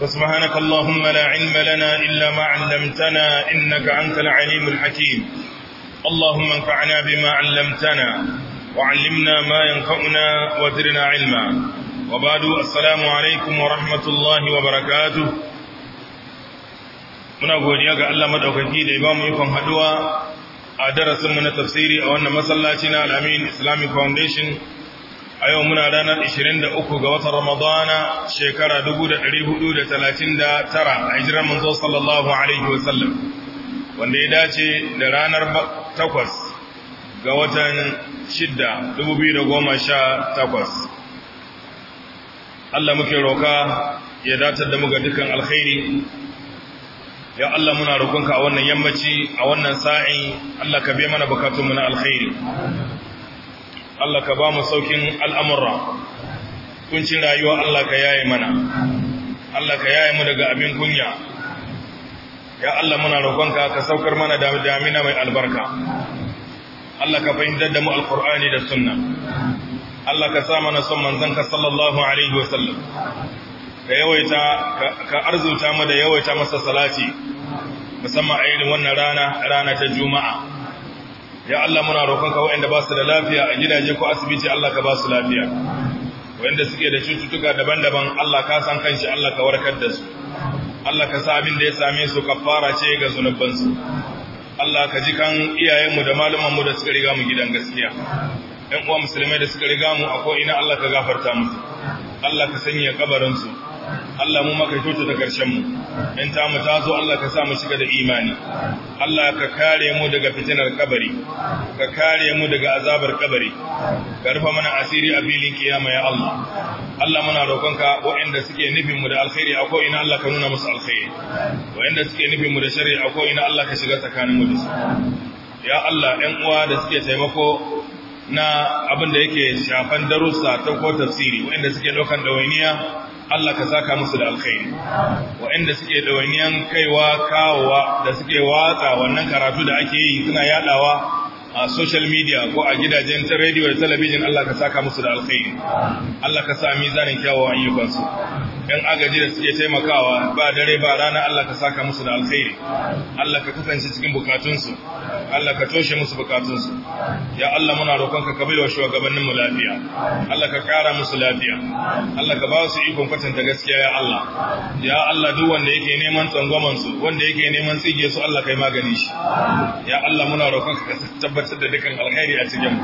فسبحانك اللهم لا علم لنا إلا ما علمتنا إنك أنت العليم الحكيم اللهم انفعنا بما علمتنا وعلمنا ما ينفعنا وزرنا علما وبعد السلام عليكم ورحمة الله وبركاته muna godiya ga Allah madaukaki da ya ba mu ikon haduwa a darasinmu na tafsiri a wannan masallaci na Al-Amin Islamic Foundation a yau muna ranar 23 ga watan Ramadana shekara 439 a hijirar manzo sallallahu alaihi wasallam wanda ya dace da ranar 8 ga watan 6 2018 Allah muke roka ya datar da muga dukan alkhairi ya Allah muna roƙonka a wannan yammaci a wannan sa'in. Allah ka biya mana bukatunmu na alkhairi Allah ka ba mu saukin al'amurra kuncin rayuwa Allah ka yaye mana Allah ka yaye mu daga abin kunya ya Allah muna roƙonka ka saukar mana damina mai albarka Allah ka fahimtar da mu alqur'ani da sunna Allah ka sa mana son manzon ka sallallahu alaihi wasallam ka yawaita ka arzuta mu da yawaita masa salati musamman a yi wannan rana rana ta juma'a ya Allah muna roƙonka waɗanda ba su da lafiya a gidaje ko asibiti Allah ka ba su lafiya waɗanda suke da cututtuka daban-daban Allah ka san kanshi Allah ka warkar da su Allah ka sa abin da ya same su kafara ce ga su Allah ka ji kan iyayenmu da mu da suka riga mu gidan gaskiya ɗan uwa musulmai da suka riga mu a ko ina Allah ka gafarta musu Allah ka sanya kabarinsu Allah mu maka kyauta da ƙarshen mu in ta mu tazo Allah ka sa mu shiga da imani Allah ka kare mu daga fitinar kabari ka kare mu daga azabar kabari ka rufe mana asiri a filin kiyama ya Allah Allah muna roƙonka waɗanda suke nufin mu da alkhairi a ko ina Allah ka nuna musu alkhairi waɗanda suke nufin mu da sharri a ko ina Allah ka shiga tsakanin mu da su ya Allah ɗan uwa da suke taimako na abin da yake shafan darussa ta ko tafsiri waɗanda suke ɗaukan ɗawainiya Allah ka saka musu da alkhairi waɗanda suke ɗawainiyan kaiwa kawowa da suke watsa wannan karatu da ake yi suna yadawa a social media ko a gidajen ta radio da talabijin Allah ka saka musu da alkhairi Allah ka sa mizanin kyawawan ayyukansu yan agaji da suke taimakawa ba dare ba rana Allah ka saka musu da alkhairi Allah ka kasance cikin bukatunsu Allah ka toshe musu bukatunsu ya Allah muna roƙonka ka bai wa shugabanninmu lafiya Allah ka ƙara musu lafiya Allah ka ba su ikon kwatanta gaskiya ya Allah ya Allah duk wanda yake neman tsangwaman su wanda yake neman tsige su Allah kai magani shi ya Allah muna roƙonka ka tabbatar da dukkan alkhairi a cikin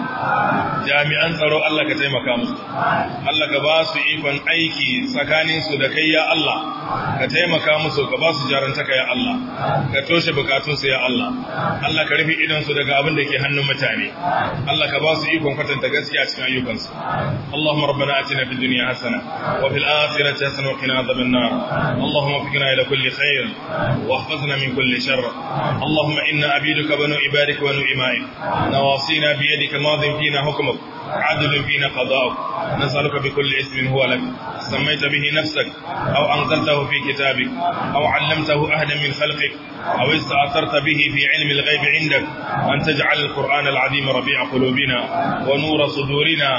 jami'an tsaro Allah ka taimaka musu Allah ka ba su ikon aiki tsakaninsu su da kai ya Allah ka taimaka musu ka ba su jarantaka ya Allah ka toshe bukatunsu ya Allah Allah ka rufe su daga abin da ke hannun mutane Allah ka ba su ikon kwatanta gaskiya cikin ayyukansu Allahumma rabbana atina fid dunya hasana wa fil akhirati hasana wa qina adhaban nar Allahumma fikna ila kulli khair wa ihfazna min kulli shar Allahumma inna abiduka banu ibadik wa nu imaik nawasina عدل فينا قضاؤك نسألك بكل اسم هو لك سميت به نفسك أو أنزلته في كتابك أو علمته أهدا من خلقك أو استأثرت به في علم الغيب عندك أن تجعل القرآن العظيم ربيع قلوبنا ونور صدورنا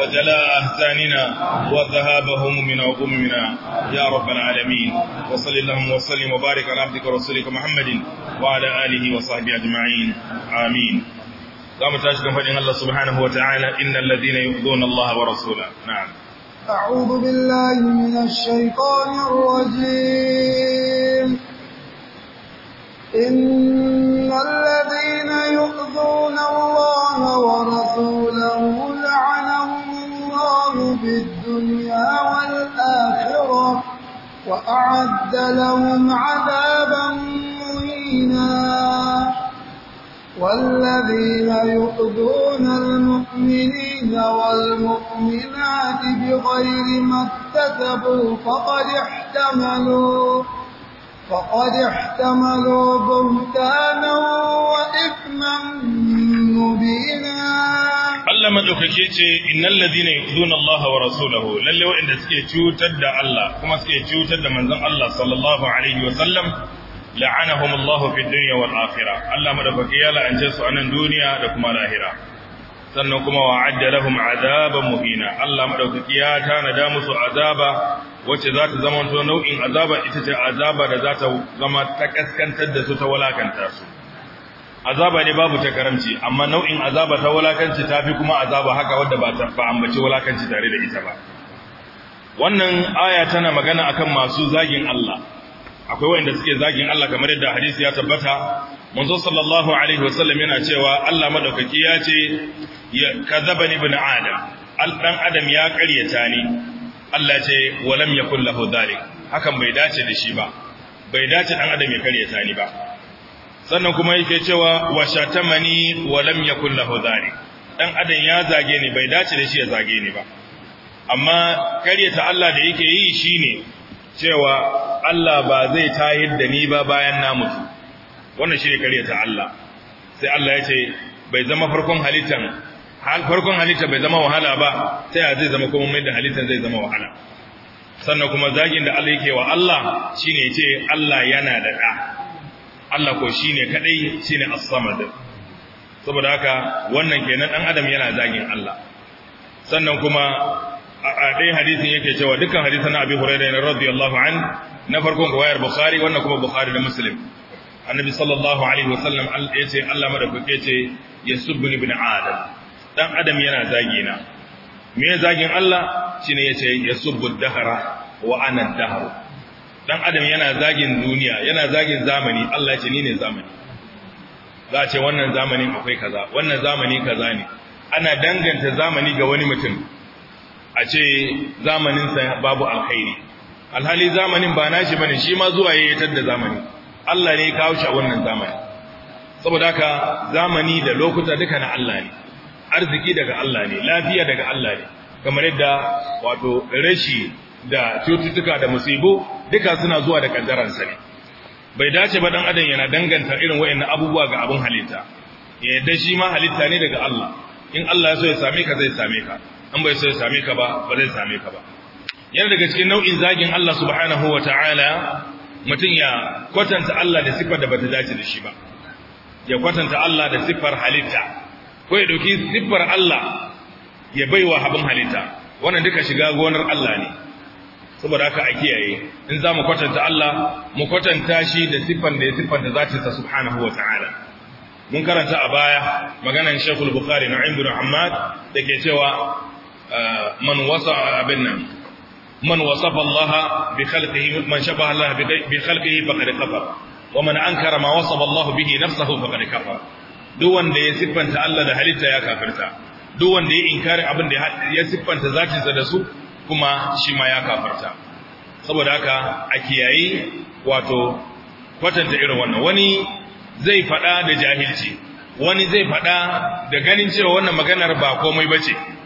وجلاء أهتاننا وذهاب همومنا وغممنا يا رب العالمين وصل اللهم وسلم وبارك على عبدك ورسولك محمد وعلى آله وصحبه أجمعين آمين zamu tashi kan fadin Allah subhanahu wa ta'ala innal ladina yu'dhuna Allah wa rasulahu na'am a'udhu billahi minash shaitanir rajim innal ladina yu'dhuna Allah wa rasulahu la'anahum Allah bid dunya wal akhirah wa a'adda lahum 'adaban muhina والذين يؤذون المؤمنين والمؤمنات بغير ما اكتسبوا فقد احتملوا فقد احتملوا بهتانا وإثما مبينا Allah madaukake ce innal ladina yu'dhuna Allah wa rasulahu lallai wa'inda suke cutar da Allah kuma suke cutar da manzon Allah sallallahu alaihi wa sallam la'anahum Allah fi dunya wal akhirah Allah madaukaki ya la'ance su anan duniya da kuma lahira sannan kuma wa'adda lahum azaban muhina Allah madaukaki ya tanada musu azaba wacce za ta zama to nau'in azaba ita ce azaba da za ta zama ta kaskantar da su ta walakanta su azaba ne babu ta karamci amma nau'in azaba ta walakanci tafi kuma azaba haka wadda ba ta ba ambaci walakanci tare da ita ba wannan aya tana magana akan masu zagin Allah akwai wanda suke zagin Allah kamar yadda hadisi ya tabbata manzo sallallahu alaihi wasallam yana cewa Allah madaukaki ya ce kadhabani ibn adam al dan adam ya karyata ni Allah ya ce walam yakul lahu dhalik hakan bai dace da shi ba bai dace dan adam ya karyata ni ba sannan kuma yake cewa wa shatamani walam yakul lahu dhalik dan adam ya zage ni bai dace da shi ya zage ni ba amma karyata Allah da yake yi shine cewa Allah ba zai tahir da ni ba bayan na mutu wannan shine ta Allah sai Allah ya ce bai zama farkon halittan farkon halitta bai zama wahala ba sai ya zai zama kuma mai da halittan zai zama wahala sannan kuma zagin da Allah yake wa Allah shine ne ce Allah yana da da Allah ko shine kadai shine as-samad saboda haka wannan kenan ɗan adam yana zagin Allah sannan kuma a ɗaya hadisin yake cewa dukkan hadisan na abi hurairah ne radiyallahu an na farkon riwayar bukhari wannan kuma bukhari da muslim annabi sallallahu alaihi wasallam ya ce Allah madaukake ce yasubbu ibn adam dan adam yana zagi na me zagin Allah shine yace yasubbu dahara wa ana dahr dan adam yana zagin duniya yana zagin zamani Allah ya ce ni ne zamani za a ce wannan zamanin akwai kaza wannan zamani kaza ne ana danganta zamani ga wani mutum a ce zamaninsa babu alkhairi alhali zamanin ba nashi bane shi ma zuwa ya tar da zamani Allah ne ya kawo shi a wannan zamani saboda haka zamani da lokuta duka na Allah ne arziki daga Allah ne lafiya daga Allah ne kamar yadda wato rashi da cututtuka da musibu duka suna zuwa da sa ne bai dace ba dan adam yana danganta irin wayannan abubuwa ga abun halitta ya yadda shi ma halitta ne daga Allah in Allah ya so ya same ka zai same ka An bai so ya same ka ba ba zai same ka ba yana daga cikin nau'in zagin Allah subhanahu wa ta'ala mutum ya kwatanta Allah da siffar da bata dace da shi ba ya kwatanta Allah da siffar halitta ko ya dauki siffar Allah ya baiwa habin halitta wannan duka shiga gonar Allah ne saboda haka a kiyaye in za mu kwatanta Allah mu kwatanta shi da siffan da ya siffanta zatinsa subhanahu wa ta'ala mun karanta a baya maganar Sheikhul Bukhari na Ibn Ahmad dake cewa man wasa abin nan man wasafa Allah bi khalqihi man shabaha Allah bi khalqihi faqad kafar wa man ankara ma wasafa Allah bihi nafsuhu faqad kafar duk wanda ya siffanta Allah da halitta ya kafirta duk wanda ya inkari abin da ya siffanta zatinsa da su kuma shi ma ya kafirta saboda haka a kiyayi wato kwatanta irin wannan wani zai faɗa da jahilci wani zai faɗa da ganin cewa wannan maganar ba komai ba ce.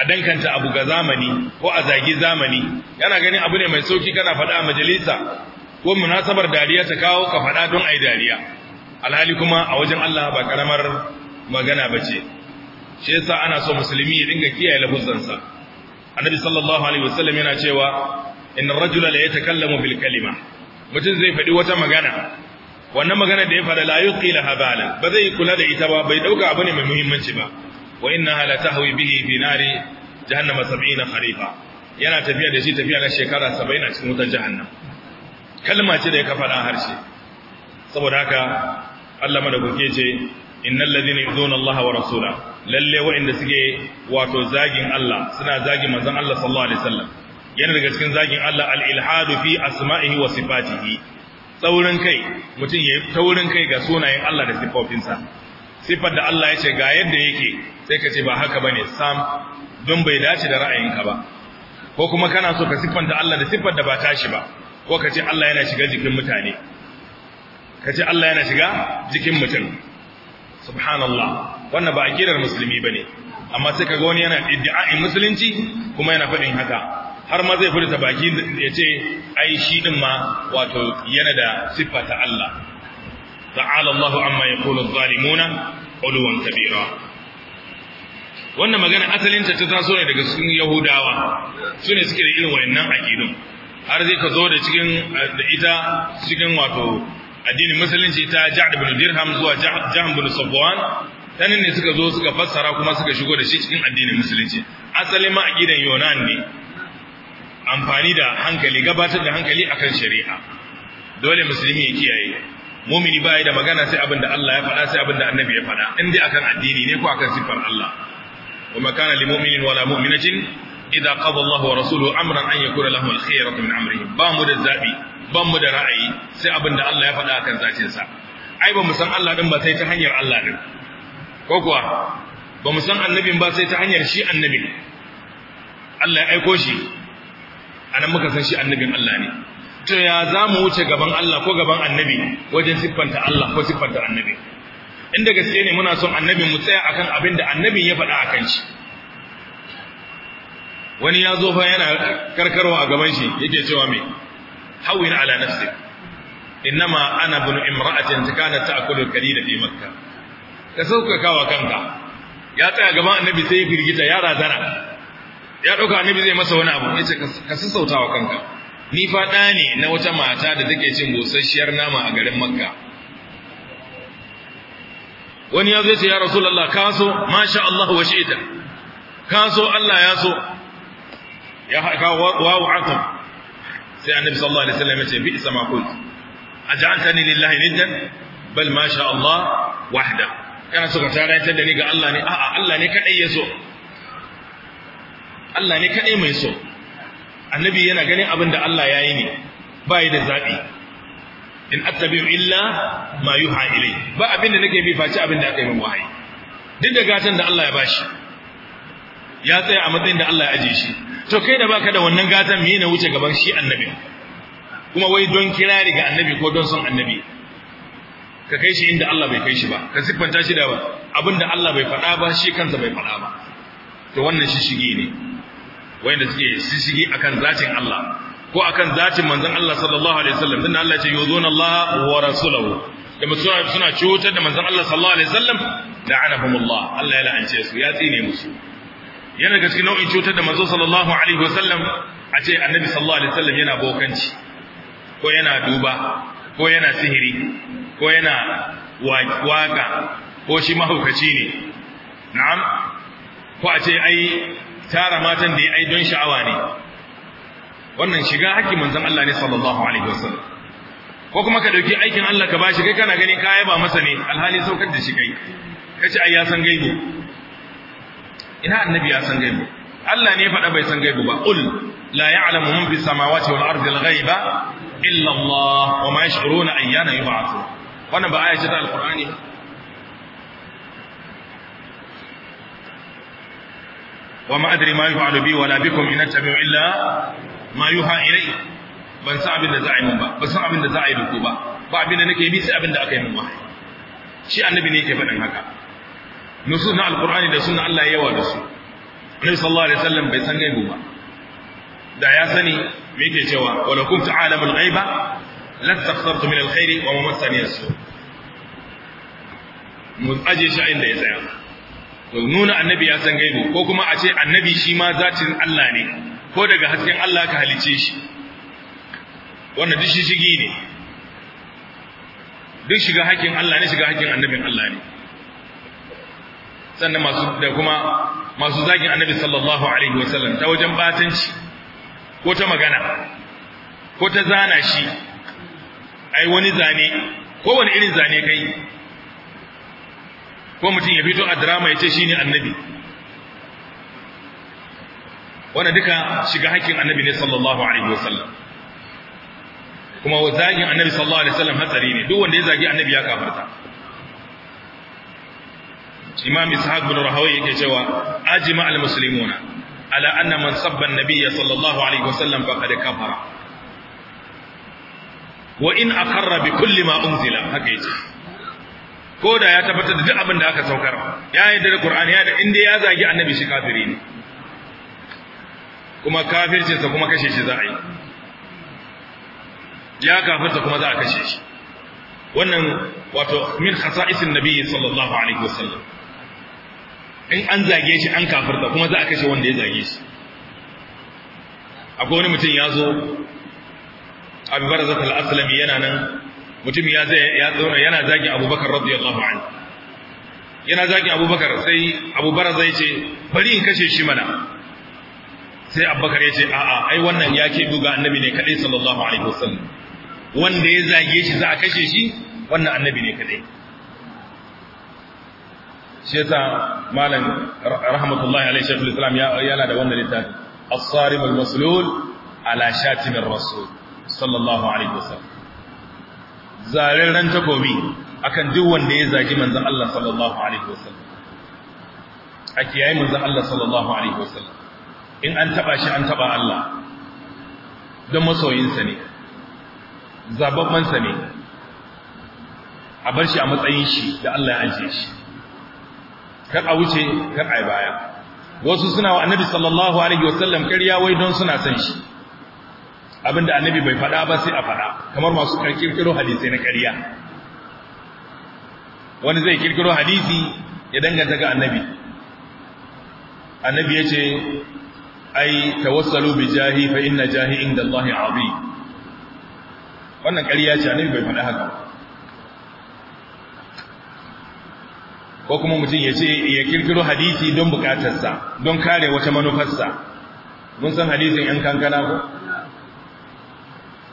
a dankanta abu ga zamani ko a zagi zamani yana ganin abu ne mai sauki kana faɗa a majalisa ko munasabar dariya ta kawo ka faɗa don a yi dariya alhali kuma a wajen Allah ba karamar magana bace shi yasa ana so musulmi ya dinga kiyaye lafuzansa annabi sallallahu alaihi wasallam yana cewa inna ar-rajula la yatakallamu bil kalima mutum zai faɗi wata magana wannan magana da ya faɗa la yuqila habala ba zai kula da ita ba bai dauka abu ne mai muhimmanci ba wa innaha la tahwi bihi fi nari jahannama 70 kharifa yana tafiya da shi tafiya na shekara 70 a cikin wutar jahannam kalma ce da ya kafa dan harshe saboda haka Allah madaukake ce innal ladina yuzuna Allah wa rasula lalle wa'inda suke wato zagin Allah suna zagin manzon Allah sallallahu alaihi wasallam yana daga cikin zagin Allah al-ilhadu fi asma'ihi wa sifatihi taurin kai mutum ya taurin kai ga sunayen Allah da sifofinsa sifar da Allah ya ce ga yadda yake sai ka ce ba haka bane sam don bai dace da ra'ayinka ba ko kuma kana so ka siffanta Allah da siffar da ba tashi ba ko ka ce Allah yana shiga jikin mutane ka ce Allah yana shiga jikin mutum subhanallah wannan ba akidar musulmi bane amma sai kaga wani yana iddia'in musulunci kuma yana faɗin haka har ma zai furta baki ya ce ai shi din ma wato yana da siffata ta Allah ta'ala Allahu amma yaqulu adh-dhalimuna ulwan kabira wannan magana asalinta ta taso ne daga cikin yahudawa su ne suke da irin wayannan aƙidun har zai ka zo da cikin da ita cikin wato addinin musulunci ta ja'd ibn dirham zuwa jihar ibn safwan dan ne suka zo suka fassara kuma suka shigo da shi cikin addinin musulunci asalin ma aqidan yunan ne amfani da hankali gabatar da hankali akan shari'a dole musulmi ya kiyaye mumini bai da magana sai abin da Allah ya faɗa sai abin da annabi ya faɗa in dai akan addini ne ko akan siffar Allah وما كان لمؤمن ولا مؤمنة إذا قضى الله ورسوله أمرا أن يكون لهم الخيرة من أمرهم بامو دا الزابي بامو دا رأي سأبن دا الله يفعل أكن زاتنسا أي بمسان الله دم بسيت هنير الله دم كوكوا بمسان النبي بسيت هنير شيء النبي الله أيكو شيء أنا مكسن شيء النبي الله ني to ya za mu wuce gaban Allah ko gaban annabi wajen siffanta Allah ko siffanta annabi inda gaske ne muna son annabin mu tsaya akan abin da annabin ya faɗa akan shi wani ya zo fa yana karkarwa a gaban shi yake cewa me hawina ala nafsi innama ana bin imra'atin takana ta'kulu kalila fi makka ka sauka kawa kanka ya tsaya gaban annabi sai ya firgita ya razana ya dauka annabi zai masa wani abu yace ka sassautawa kanka ni fa ɗa ne na wata mata da take cin gosasshiyar nama a garin makka wani ya zo ce ya rasulullah ka so masha Allah wa shi'ita ka so Allah ya so ya haka wawu akam sai annabi sallallahu alaihi wasallam ya ce bi isma kul kuntu aj'altani lillahi niddan bal masha Allah wahda kana so ka tarayantar da ni ga Allah ne a'a Allah ne kadai ya so Allah ne kadai mai so annabi yana ganin abin da Allah ya yi ne ba da zabi in attabi'u illa ma yuha ilay ba abin da nake bi faci abin da aka yi min wahayi duk da gatan da Allah ya bashi ya tsaya a matsayin da Allah ya aje shi to kai da baka da wannan gatan me ne wuce gaban shi annabi kuma wai don kirari ga annabi ko don son annabi ka kai shi inda Allah bai kai shi ba ka siffanta shi da abin da Allah bai faɗa ba shi kansa bai faɗa ba to wannan shi shige ne wanda suke shi shige akan zatin Allah ko akan zatin manzon Allah sallallahu alaihi wasallam dan Allah ce yuzuna Allah wa rasulahu da suna suna cutar da manzon Allah sallallahu alaihi wasallam la'anahumullah Allah ya la'ance su ya tsine musu yana ga cikin nau'in cutar da manzon sallallahu alaihi wasallam a ce annabi sallallahu alaihi wasallam yana bokanci ko yana duba ko yana sihiri ko yana waka ko shi mahaukaci ne na'am ko a ce ai tara matan da ya ai don sha'awa ne wannan shiga haƙƙin manzon Allah ne sallallahu alaihi wasallam ko kuma ka dauki aikin Allah ka bashi kai kana ganin ka ba masa ne alhali saukar da shi kai kace ai ya san gaibi ina annabi ya san gaibi Allah ne faɗa bai san gaibi ba qul la ya'lamu man fis samawati wal ardi al ghaiba illa Allah wa ma yash'uruna ayyana yub'athu wannan ba aya ce ta alqur'ani وما أدري ما يفعل بي ولا بكم إن أتبع إلا ma yuha ilai ban san abin da za a yi min ba ban san abin da za a yi duku ba ba abin da nake bi sai abin da aka yi min wahayi shi annabi ne yake faɗin haka nusu na alqur'ani da sunna Allah ya yawa da su annabi sallallahu alaihi wasallam bai san gaibu ba da ya sani me yake cewa wala kum ta'alamu al-ghaiba lastakhtartu min al-khairi wa ma massani as-su mu aje shi inda ya tsaya to nuna annabi ya san gaibu ko kuma a ce annabi shi ma zatin Allah ne ko daga hasken Allah ka halice shi wannan duk shi shigi ne duk shiga hakkin Allah ne shiga hakkin annabin Allah ne sannan masu da kuma masu zagin annabi sallallahu alaihi wasallam ta wajen batanci ko ta magana ko ta zana shi ai wani zane ko wani irin zane kai ko mutum ya fito a drama ya ce shine annabi wanda duka shiga hakkin annabi ne sallallahu alaihi wasallam kuma zagin annabi sallallahu alaihi wasallam hatsari ne duk wanda ya zagi annabi ya kafarta imam ishaq bin rahawai yake cewa ajma al muslimuna ala anna man sabba an-nabiy sallallahu alaihi wasallam faqad kafara wa in aqarra bi kulli ma unzila haka yace ko da ya tabbatar da duk abin da aka saukar ya yarda da qur'ani ya da inda ya zagi annabi shi kafiri ne kuma kafircinsa kuma kashe shi za a yi ya kafirta kuma za a kashe shi wannan wato min khasa'isin nabi sallallahu alaihi wasallam in an zage shi an kafirta kuma za a kashe wanda ya zage shi akwai wani mutum ya zo abubuwar zafin al'asalami yana nan mutum ya zauna yana zagin abubakar radiyallahu anhu yana zagin abubakar sai abubakar zai ce bari in kashe shi mana sai abubakar ya ce a'a ai wannan ya ke duga annabi ne kadai sallallahu alaihi wasallam wanda ya zage shi za a kashe shi wannan annabi ne kadai shi yasa malam rahmatullahi alaihi shaykhul islam ya yana da wannan littafi as-sarim al-maslul ala shatim ar-rasul sallallahu alaihi wasallam ran takobi akan duk wanda ya zagi manzon Allah sallallahu alaihi wasallam a kiyaye manzon Allah sallallahu alaihi wasallam in an taba shi an taba Allah don masoyinsa ne zababbansa ne a bar shi a matsayin shi da Allah ya ajiye shi kar a wuce kar a yi baya wasu suna wa annabi sallallahu alaihi wasallam karya wai don suna san shi abinda annabi bai faɗa ba sai a faɗa kamar masu kirkiro hadisi na karya. wani zai kirkiro hadisi ya danganta ga annabi annabi ya ce ai tawassalu bi jahi fa inna jahi inda Allahi abi wannan ƙarya ce annabi bai faɗa haka ko kuma mutum ya ce ya kirkiro hadisi don bukatarsa don kare wata manufarsa mun san hadisin ‘yan kankana ko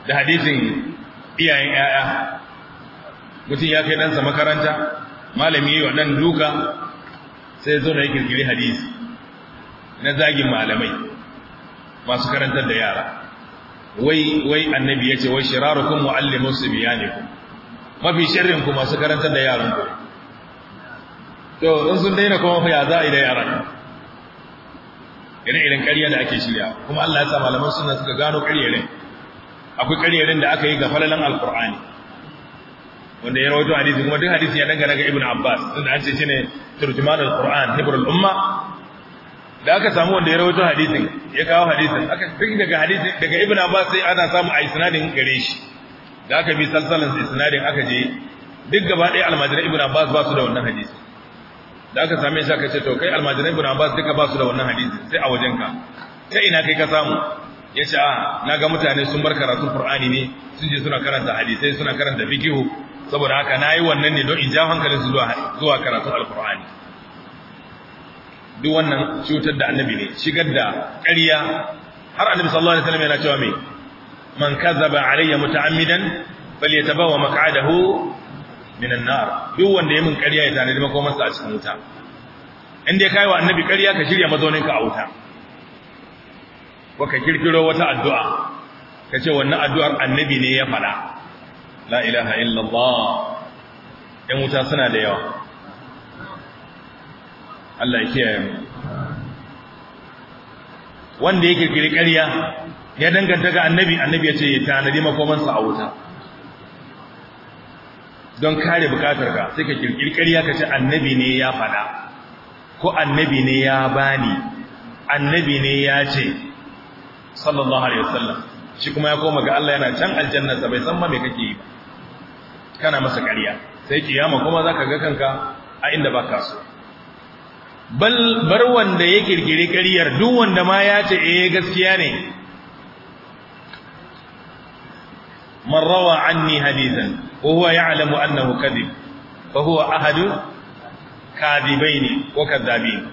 da hadisin iyayen ‘ya'ya mutum ya kai ɗansa makaranta malami yi wa ɗan duka sai zo na ya kirkiri hadisi na zagin malamai masu karantar da yara wai wai annabi yace wai shirarukum muallimu sibyanikum mafi sharrin ku masu karantar da yaran ku to in sun daina kuma fa ya za a yi da yaran irin irin ƙarya da ake shirya kuma Allah ya sa malaman sunna suka gano ƙaryarin akwai ƙaryarin da aka yi ga falalan alqur'ani wanda ya rawaito hadisi kuma duk hadisi ya dangana ga ibnu abbas inda an ce shine turjuman alqur'an hibrul umma da aka samu wanda ya rawaito hadisin ya kawo hadisin aka tun daga hadisi daga ibn abbas sai ana samu a isnadin gare shi da aka bi salsalan isnadin aka je duk gaba ɗaya almajiran ibn abbas ba su da wannan hadisi da aka same shi aka ce to kai almajiran ibn abbas duka ba su da wannan hadisi sai a wajen ka. ta ina kai ka samu ya ce a ah, na ga mutane sun bar karatun qur'ani ne sun je suna karanta hadisai suna karanta fikihu saboda haka na yi wannan ne don in ja hankalin su zuwa karatun alqur'ani duk wannan cutar da annabi ne shigar da ƙarya har annabi sallallahu alaihi wasallam yana cewa me man kazzaba alayya muta'ammidan falyatabawa maq'adahu minan nar duk wanda ya min ƙarya ya tanadi makomansa a cikin wuta in dai kai wa annabi ƙarya ka shirya mazauninka a wuta ko ka kirkiro wata addu'a ka ce wannan addu'ar annabi ne ya faɗa la ilaha illallah ɗan wuta suna da yawa Allah ya kiyaye mu wanda ya kirkiri ƙarya ya danganta ga annabi annabi ya ce ya tanadi makomansa a wuta don kare bukatar ka sai ka kirkiri ƙarya ka ce annabi ne ya faɗa ko annabi ne ya bani annabi ne ya ce sallallahu alaihi wasallam shi kuma ya koma ga Allah yana can aljanna sa bai san ma me kake yi ba kana masa ƙarya sai kiyama kuma zaka ga kanka a inda baka so bal bar wanda ya kirkiri ƙaryar duk wanda ma ya ce eh gaskiya ne man rawa anni hadithan wa huwa ya'lamu annahu kadhib fa huwa ahadu kadibaini wa kadhabin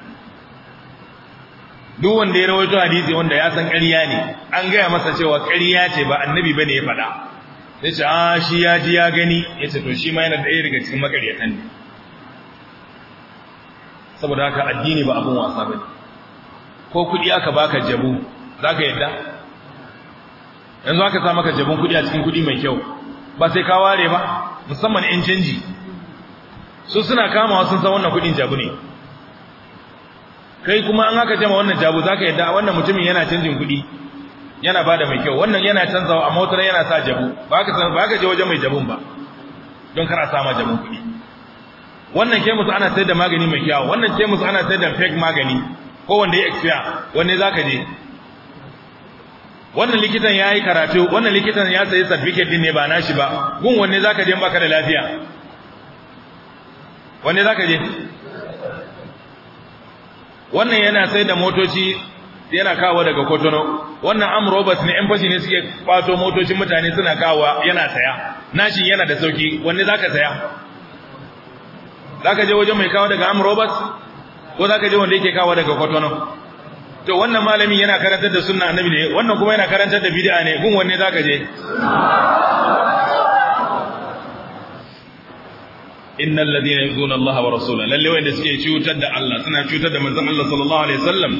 duk wanda ya rawaito hadisi wanda ya san ƙarya ne an gaya masa cewa ƙarya ce ba annabi bane ya faɗa ce a ah, shi ya ji ya gani yace to shi ma yana da daga cikin makaryatan ne saboda haka addini ba abin wasa bane ko kudi aka baka jabu zaka yadda yanzu aka sa maka jabun kudi a cikin kudi mai kyau ba sai ka ware ba musamman in canji su suna kama sun san wannan kudin jabu ne kai kuma an aka jama wannan jabu zaka yadda wannan mutumin yana canjin kudi yana bada mai kyau wannan yana canzawa amma wata yana sa jabu ba ka je wajen mai jabun ba don kar a sama jabun kudi wannan kemus ana sayar da magani mai kyawu wannan kemus ana sayar da fake magani ko wanda ya expire wanne zaka je wannan likitan yayi karatu wannan likitan ya sayi certificate din ne ba nashi ba gun wanne zaka je baka da lafiya wanne zaka je wannan yana sayar da motoci yana kawo daga Kotono wannan Am Roberts ne yan fashi ne suke kwato motocin mutane suna kawo yana saya nashin yana da sauki wanne zaka saya zaka je wajen mai kawo daga Am Roberts ko zaka je wanda yake kawo daga Kotono to wannan malami yana karantar da sunna annabi ne wannan kuma yana karantar da bid'a ne gun wanne zaka je innal ladina yuzuna Allah wa rasulahu lalle wanda suke cutar da Allah suna cutar da manzon Allah sallallahu alaihi wasallam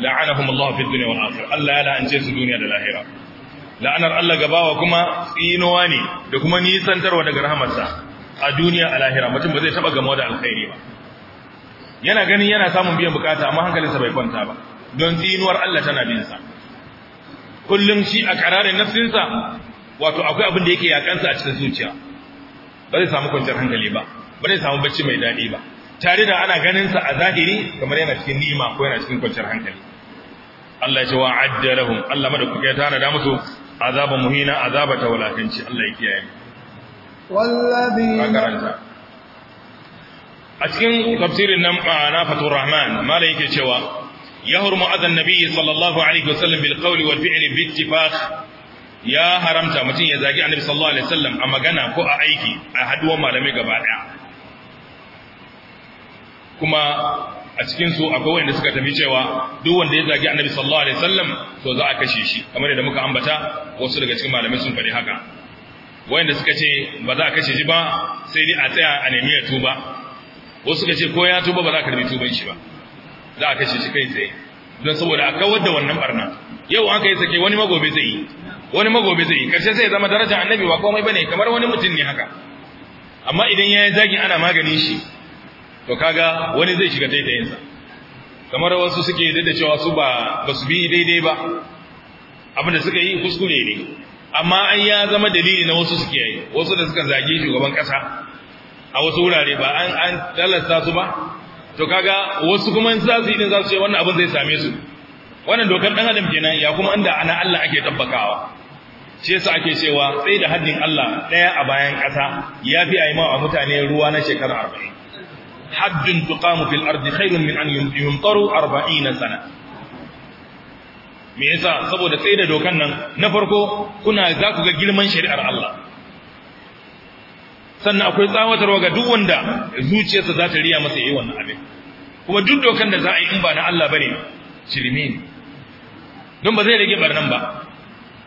la'anahum Allah fi dunya wal akhirah Allah ya la'ance su duniya da lahira la'anar Allah gabawa kuma tsinowa ne da kuma nisantarwa daga rahamarsa a duniya a lahira mutum ba zai taba gamo da alkhairi ba yana ganin yana samun biyan bukata amma hankalinsa bai kwanta ba don tsinuwar Allah tana bin sa kullum shi a kararin nafsinsa wato akwai abin da yake yakansa a cikin zuciya ba zai samu kwanciyar hankali ba ba zai samu bacci mai daɗi ba tare da ana ganin sa a zahiri kamar yana cikin ni'ima ko yana cikin kwanciyar hankali Allah ya ce wa'adda lahum Allah madaukake ta tana da musu azaba muhina azaba ta walakanci Allah ya kiyaye a cikin tafsirin nan na fatur rahman mala yake cewa ya hurmu azan nabi sallallahu alaihi wasallam bil qawli wal fi'li bi ittifaq ya haramta mutum ya zagi annabi sallallahu alaihi wasallam a magana ko a aiki a haduwar malami gaba daya kuma a cikin su akwai wanda suka tafi cewa duk wanda ya zagi annabi sallallahu alaihi wasallam to za a kashe shi kamar yadda muka ambata wasu daga cikin malamai sun faɗi haka wanda suka ce ba za a kashe shi ba sai dai a tsaya a nemi ya tuba wasu suka ce ko ya tuba ba za a karbi tuban shi ba za a kashe shi kai tsaye don saboda a kawar da wannan barna yau an kai sake wani magobe zai yi wani magobe zai yi karshe sai ya zama darajar annabi ba komai bane kamar wani mutum ne haka amma idan ya yi zagi ana maganin shi to kaga wani zai shiga daidayinsa kamar wasu suke da cewa su ba basu su bi daidai ba abinda suka yi kuskure ne amma an ya zama dalili na wasu suke yi wasu da suka zage shugaban kasa a wasu wurare ba an an lalata su ba to kaga wasu kuma in za su yi din za su ce wannan abin zai same su wannan dokar dan adam kenan ya kuma inda ana Allah ake tabbakawa shi yasa ake cewa sai da haddin Allah daya a bayan kasa yafi ayi ma mutane ruwa na shekara 40 haddun tuqamu fil ardi khairun min an yumtaru 40 sana me yasa saboda tsaida da dokan nan na farko kuna za ku ga girman shari'ar Allah sannan akwai tsawatarwa ga duk wanda zuciyarsa za ta riya masa yi wannan abin kuma duk dokan da za a yi in ba na Allah bane shirme ne don ba zai rage barnan ba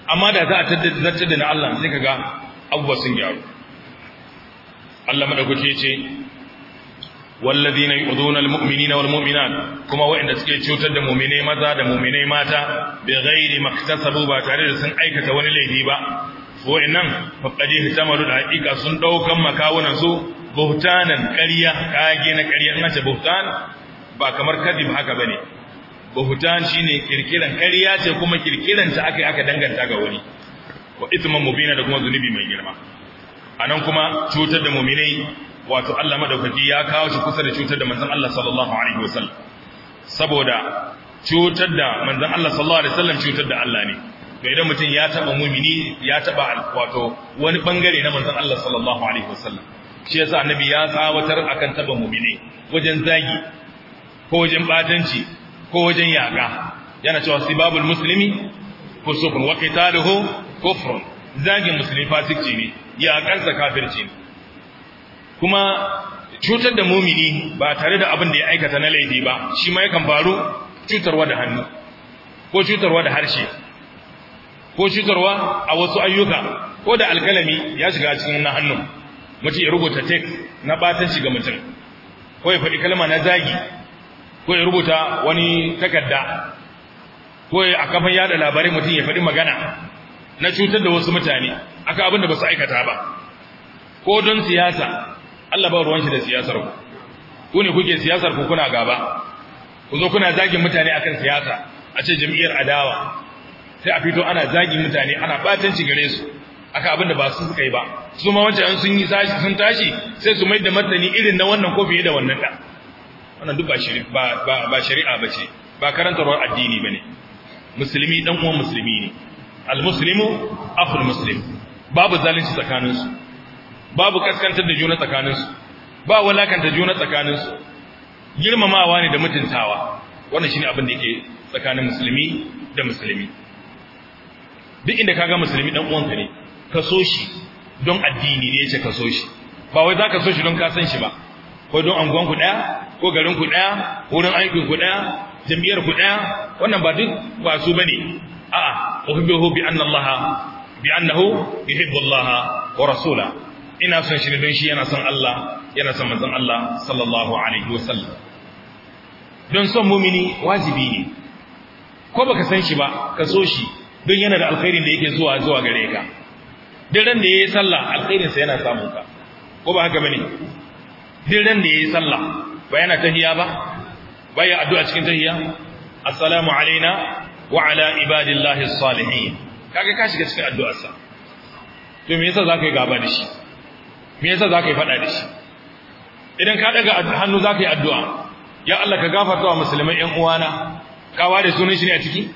amma da za a da na Allah sai kaga abubuwa sun gyaru Allah madaukake ce walladina yu'dhuna almu'minina walmu'minat kuma wa'inda suke cutar da mu'mine maza da mu'mine mata bi ghairi maktasabu ba tare da sun aikata wani laifi ba wa'innan faqadi hitamaru da haqiqa sun ɗaukan makawunan su buhtanan qariya kage na qariya in ce buhtan ba kamar kadhib haka bane buhtan shine kirkiran karya ce kuma kirkiran ta akai aka danganta ga wani wa ithman mubina da kuma zunubi mai girma anan kuma cutar da mu'mine wato Allah madaukaki ya kawo shi kusa da cutar da manzon Allah sallallahu alaihi wasallam saboda cutar da manzon Allah sallallahu alaihi wasallam cutar da Allah ne to idan mutum ya taba mumini ya taba wato wani bangare na manzon Allah sallallahu alaihi wasallam shi yasa annabi ya tsawatar akan taba mumini wajen zagi ko wajen batanci ko wajen yaka yana cewa sibabul muslimi kusufun wa qitaluhu kufrun zagin musulmi fasici ne yakansa kafirci ne kuma cutar da mumini ba tare da abin da ya aikata na laifi ba shi ma yakan faru cutarwa da hannu ko cutarwa da harshe ko cutarwa a wasu ayyuka ko da alkalami ya shiga cikin na hannun mutum ya rubuta tek na batan shiga mutum ko ya faɗi kalma na zagi ko ya rubuta wani takarda ko a kafin yada labarai mutum ya faɗi magana na cutar da wasu mutane aka abin da ba su aikata ba ko don siyasa Allah ba ruwan shi da siyasar ku ku ne kuke siyasar ku kuna gaba ku zo kuna zagin mutane akan siyasa a ce jam'iyyar adawa sai a fito ana zagin mutane ana batanci gare su aka abin da ba su suka yi ba su ma wancan sun yi sun tashi sai su mai da martani irin na wannan ko fiye da wannan da wannan duk ba shari'a ba ce ba karantarwar addini ba ne musulmi dan uwan musulmi ne al-muslimu akhul muslim babu zalunci tsakaninsu babu kaskantar da juna tsakaninsu ba walakanta juna tsakaninsu girmamawa ne da mutuntawa wannan shine abin da yake tsakanin musulmi da musulmi duk inda kaga musulmi dan uwanka ne ka so shi don addini ne yace ka so shi ba wai zaka so shi don ka san shi ba ko don anguwan ku ko garin ku daya wurin aikin ku daya jam'iyyar ku daya wannan ba duk ba su bane a'a uhibbu bi anna allaha bi annahu yuhibbu allaha wa rasula. ina son shi ne don shi yana son Allah yana son manzon Allah sallallahu alaihi wasallam don son mumini wajibi ne ko baka san shi ba ka so shi don yana da alkhairin da yake zuwa zuwa gare ka duk ran da yayi sallah alkhairin sa yana samun ka ko ba haka bane duk ran da yayi sallah ba yana tahiya ba ba ya addu'a cikin tahiya assalamu alaina wa ala ibadillahi salihin kaga ka shiga cikin addu'arsa to me yasa zaka yi gaba da shi me yasa zaka yi fada da shi idan ka daga hannu zaka yi addu'a ya Allah ka gafarta wa musulmai ƴan uwana ka ware sunan shi ne a ciki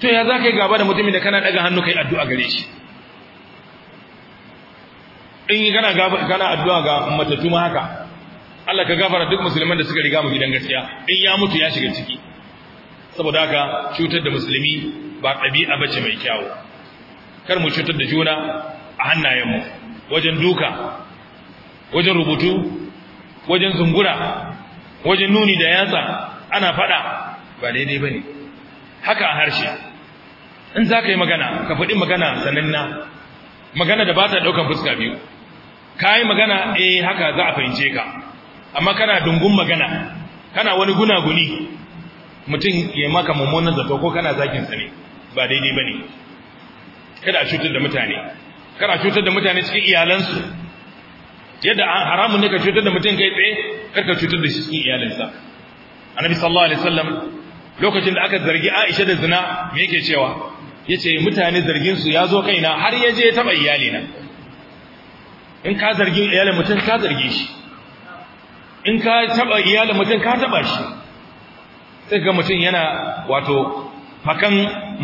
to ya zaka yi gaba da mutumin da kana daga hannu kai addu'a gare shi in kana kana addu'a ga matattu ma haka Allah ka gafara duk musulman da suka riga mu gidan gaskiya in ya mutu ya shiga ciki saboda haka cutar da musulmi ba ɗabi'a bace mai kyawu kar mu cutar da juna a hannayenmu wajen duka wajen rubutu wajen zungura wajen nuni da yatsa ana faɗa ba daidai ba haka a harshe in za ka yi magana ka faɗi magana sananna magana da ba ta ɗaukar fuska biyu ka yi magana eh haka za a fahimce ka amma kana dungun magana kana wani gunaguni mutum ya maka mummunan zato ko kana zakin sa ne ba daidai ba kada a cutar da mutane kana cutar da mutane cikin iyalansu yadda haramun ne ka cutar da mutum kai tsaye kar ka cutar da shi cikin iyalinsa annabi sallallahu alaihi wasallam lokacin da aka zargi Aisha da zina me yake cewa yace mutane zargin su yazo kaina har yaje taba iyalina in ka zargi iyalin mutum ka zarge shi in ka taba iyalin mutum ka taba shi sai ga mutum yana wato fakan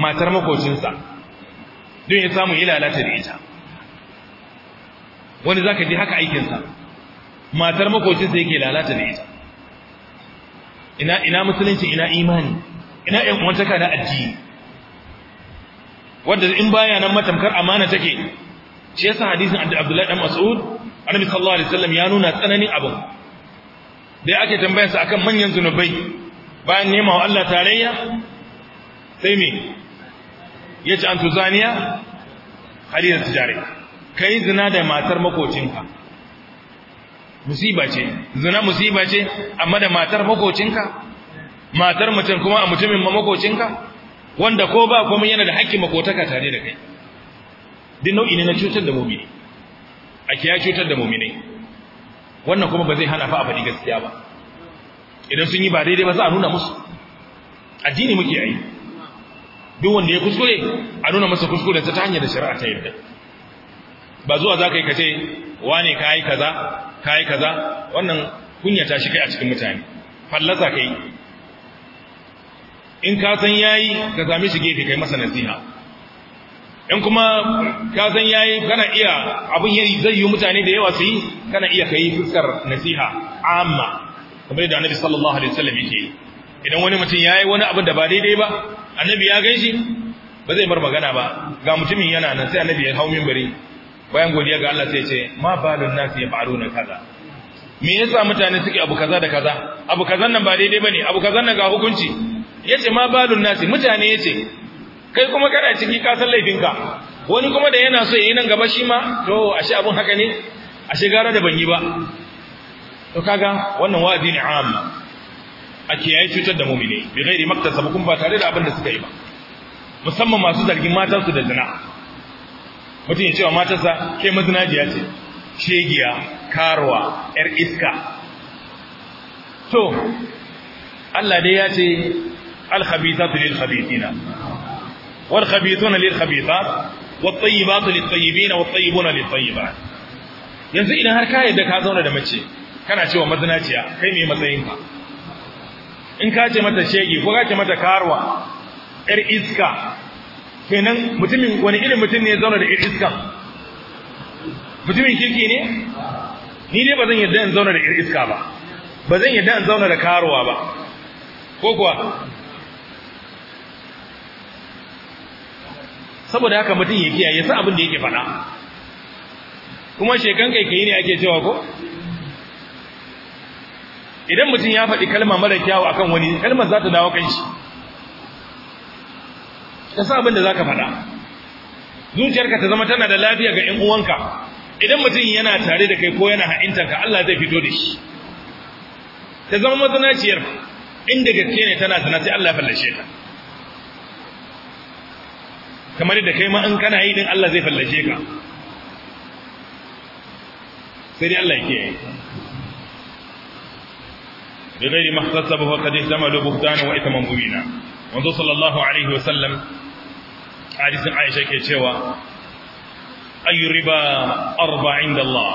matar makocinsa don ya samu ilalata da ita wani zaka ji haka aikinsa matar makocinsa yake lalata da ita ina musulunci ina imani ina ƴan uwantaka na addini wanda in baya nan matamkar amana take shi yasa hadisin Abdullahi dan Mas'ud Annabi sallallahu alaihi wasallam ya nuna tsananin abin da ake tambayarsa akan manyan zunubai bayan nema wa Allah tarayya sai me yace an tuzaniya hadiyar tijariya kai zina da matar makocinka musiba ce zina musiba ce amma da matar makocinka matar mutum kuma a mutumin makocinka wanda ko ba kuma yana da haƙƙin makotaka tare da kai din nau'i ne na cutar da mumini a kiya cutar da mumini wannan kuma ba zai hana fa abadi gaskiya ba idan sun yi ba daidai ba za a nuna musu addini muke yi duk wanda ya kuskure a nuna masa kuskure ta hanyar da shari'a ta yarda ba zuwa za ka yi ka ce wane ka yi kaza ka yi kaza wannan kunyata shi kai a cikin mutane fallasa ka yi in ka san ya yi ka same shi gefe kai masa nasiha in kuma ka san ya yi kana iya abin zai yi mutane da yawa su yi kana iya ka yi fuskar nasiha amma kamar da annabi sallallahu alaihi wasallam yake yi idan wani mutum ya yi wani abin da ba daidai ba annabi ya gan shi ba zai bar magana ba ga mutumin yana nan sai annabi ya hau minbari bayan godiya ga Allah sai ce ma balun nasi yaf'aluna kaza me yasa mutane suke abu kaza da kaza abu kazan nan ba daidai bane abu kazan nan ga hukunci yace ma balun nasi mutane yace kai kuma kada ciki ka san laifinka wani kuma da yana so yayin nan gaba shi ma to ashe abun haka ne ashe gara da ban yi ba to kaga wannan wa'azi ne amma a yayi cutar da mu'mini bi ghairi maktasabukum ba tare da abin da suka yi ba musamman masu zargin matan su da zina mutum ya cewa matarsa ke mazinajiya ce shegiya karuwa yar iska to Allah dai ya ce al lil-khabithina wal-khabithuna lil-khabithat wat-tayyibatu lit-tayyibina wat-tayyibuna lit-tayyibat yanzu idan har kai da ka zauna da mace kana cewa mazinajiya kai me matsayin ka in ka ce mata shegi ko ka ce mata karuwa yar iska kenan mutumin wani irin mutum ne ya zauna da iska mutumin kirki ne ni dai ba zan yadda in zauna da iska ba ba zan yadda in zauna da karuwa ba ko kuwa saboda haka mutum ya kiyaye ya abin da yake faɗa kuma shekan kai kai ne ake cewa ko idan mutum ya faɗi kalma mara kyawu akan wani kalmar za ta dawo kan shi ka sa abin da zaka faɗa zuciyarka ta zama tana da lafiya ga ƴan uwanka idan mutum yana tare da kai ko yana ha'intar ka Allah zai fito da shi ta zama mazanaciyar inda gaske ne tana sana sai Allah ya fallashe ka kamar da kai ma in kana yi din Allah zai fallashe ka sai dai Allah ya kiyaye بغير ما احتسبه قد احتمل بهتانا واثما مبينا منذ صلى الله عليه وسلم حديث عائشه ke cewa ayu riba arba inda Allah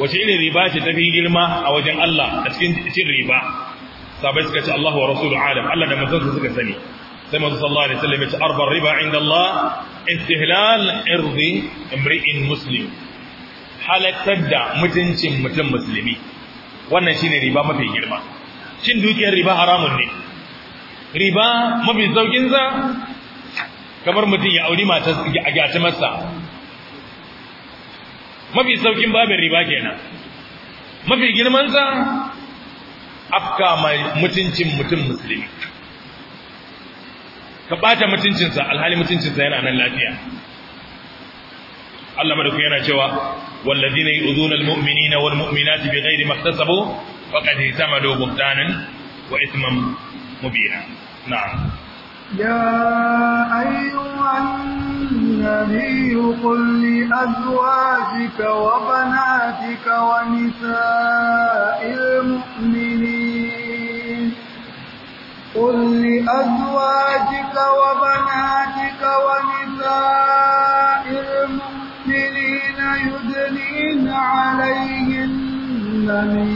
wace ne riba ce tafi girma a wajen Allah a cikin cin riba sabai suka ce Allah wa rasulu alam Allah da manzon suka sani sai manzo sallallahu alaihi wasallam ya ce arba riba inda Allah istihlal irdi imri'in muslim halakar da mutuncin mutum musulmi wannan shine riba mafi girma cin dukiyar riba haramun ne riba mafi saukin za kamar mutum ya auri mata a gyaci masa mafi saukin babin riba kenan mafi girman za afka mai mutuncin mutum musulmi ka bata mutuncinsa alhali mutuncinsa yana nan lafiya Allah madafi yana cewa والذين يؤذون المؤمنين والمؤمنات بغير ما اكتسبوا فقد اعتمدوا بهتانا وإثما مبينا نعم يا أيها النبي قل لأزواجك وبناتك ونساء المؤمنين قل لأزواجك وبناتك ونساء المؤمنين المؤمنين يدنين عليهن من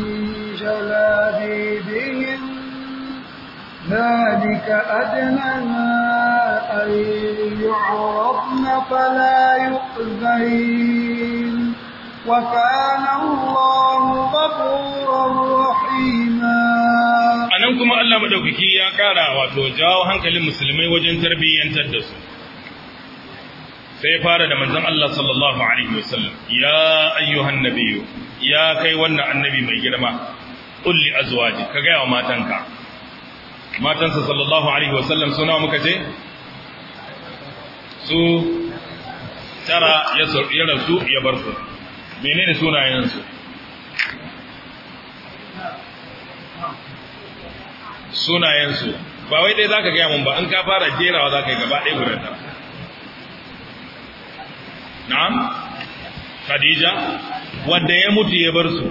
جلابيبهم ذلك أدنى أن يعرضن فلا يؤذين وكان الله غفورا رحيما anan kuma Allah madaukaki ya kara wato jawo hankalin musulmai wajen tarbiyyantar da su sai fara da manzon Allah sallallahu alaihi wasallam ya ayyuhan nabiyyu ya kai wannan annabi mai girma kulli azwaji ka gaya wa matanka matansa sallallahu alaihi wasallam suna muka ce su tara ya rasu ya bar su menene sunayensu sunayensu ba wai dai zaka gaya mun ba in ka fara jerawa zaka yi gaba ɗaya guda tara na'am khadija wanda ya mutu ya bar su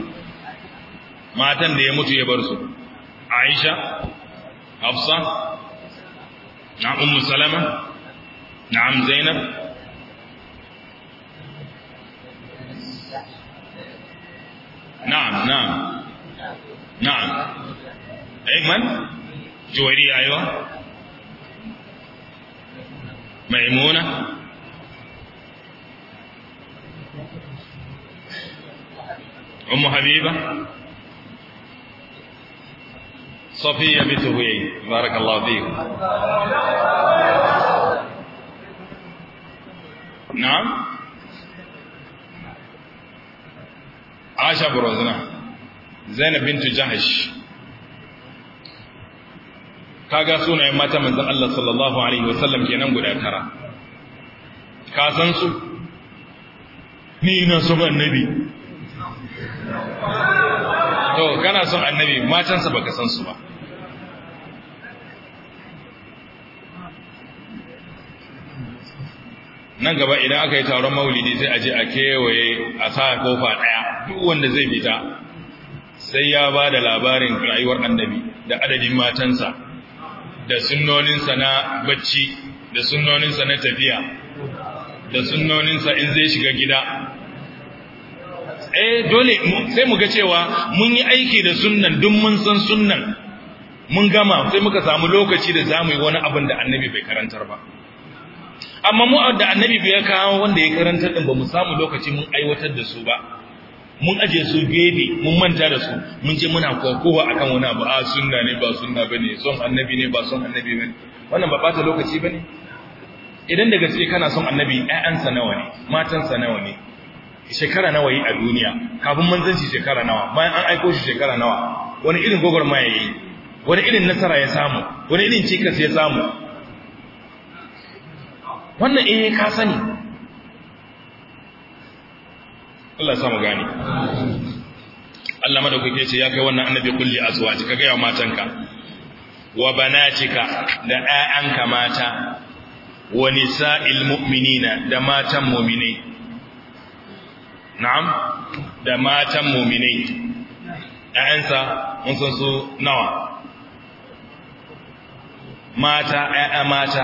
matan da ya mutu ya bar su aisha hafsa na'am ummu salama na'am zainab na'am na'am na'am ayman juwayriya aywa maimuna أم حبيبة صفية بنت بتهوي بارك الله فيك نعم عاش بروزنا زينب بنت جهش كاغا سونا يماتا من ذن الله صلى الله عليه وسلم كي ننقل يا اكرا كاسنسو مين سمع النبي to kana son annabi matansa baka san su ba nan gaba idan aka yi taron maulidi sai a je a kewaye a sa kofa ɗaya duk wanda zai fita sai ya ba da labarin rayuwar annabi da adadin matansa da sunnoninsa na bacci da sunnoninsa na tafiya da sunnoninsa in zai shiga gida eh dole sai mu ga cewa mun yi aiki da sunnan duk mun san sunnan mun gama sai muka samu lokaci da zamu yi wani abin da annabi bai karantar ba amma mu da annabi bai kawo wanda ya karantar din ba mu samu lokaci mun aiwatar da su ba mun aje su gebe mun manta da su mun je muna kokowa akan wani abu a ah, sunna ne ba sunna bane son annabi ne ba son annabi bane wannan ba bata lokaci bane idan da gaske kana son annabi ƴaƴansa nawa ne matansa nawa ne shekara nawa yi a duniya kafin manzanci shekara nawa bayan an aiko shi shekara nawa wani irin gogor ya yi wani irin nasara ya samu wani irin cikas ya samu wannan eh ka sani Allah samu gane Allah madaukake ce ya kai wannan annabi kulli azwaji ka gaya matanka wa banatika da ƴaƴanka mata wa nisa'il mu'minina da matan muminai. na'am da matan muminai ‘ya'yansa mun san su nawa mata ‘ya'ya mata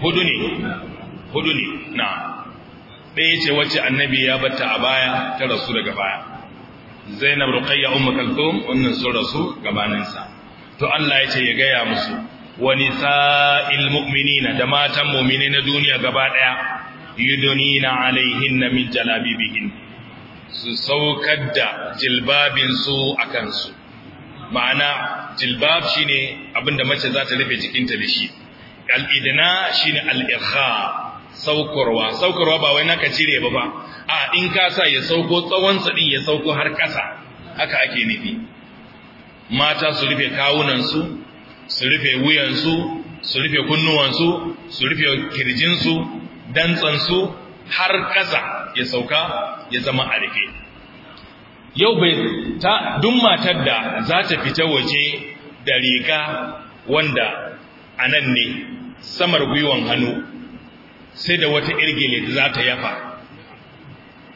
hudu ne hudu ne na'am ɗaya ce wacce annabi ya batta a baya ta rasu daga baya zainab ruqayya ummu kalthum wannan sun rasu sa to Allah ya ce ya gaya musu wani nisa'il mu'minina da matan muminai na duniya gaba ɗaya yudunina alaihinna min jalabibihin su saukar da jilbabinsu a kansu ma'ana jilbab shi shine abinda mace za ta rufe jikinta da shi al'idina ne al'irha saukarwa saukarwa ba wai naka cire ba ba a in kasa ya sauko tsawon tsadi ya sauko har kasa haka ake nufi mata su rufe kawunansu su rufe wuyansu su rufe kunnuwansu su rufe kirjinsu tsansu har ƙasa ya sauka ya zama a rufe yau bai ta duk matar da za ta fita waje da riga wanda a nan ne samar gwiwan hannu sai da wata irgile da za ta yafa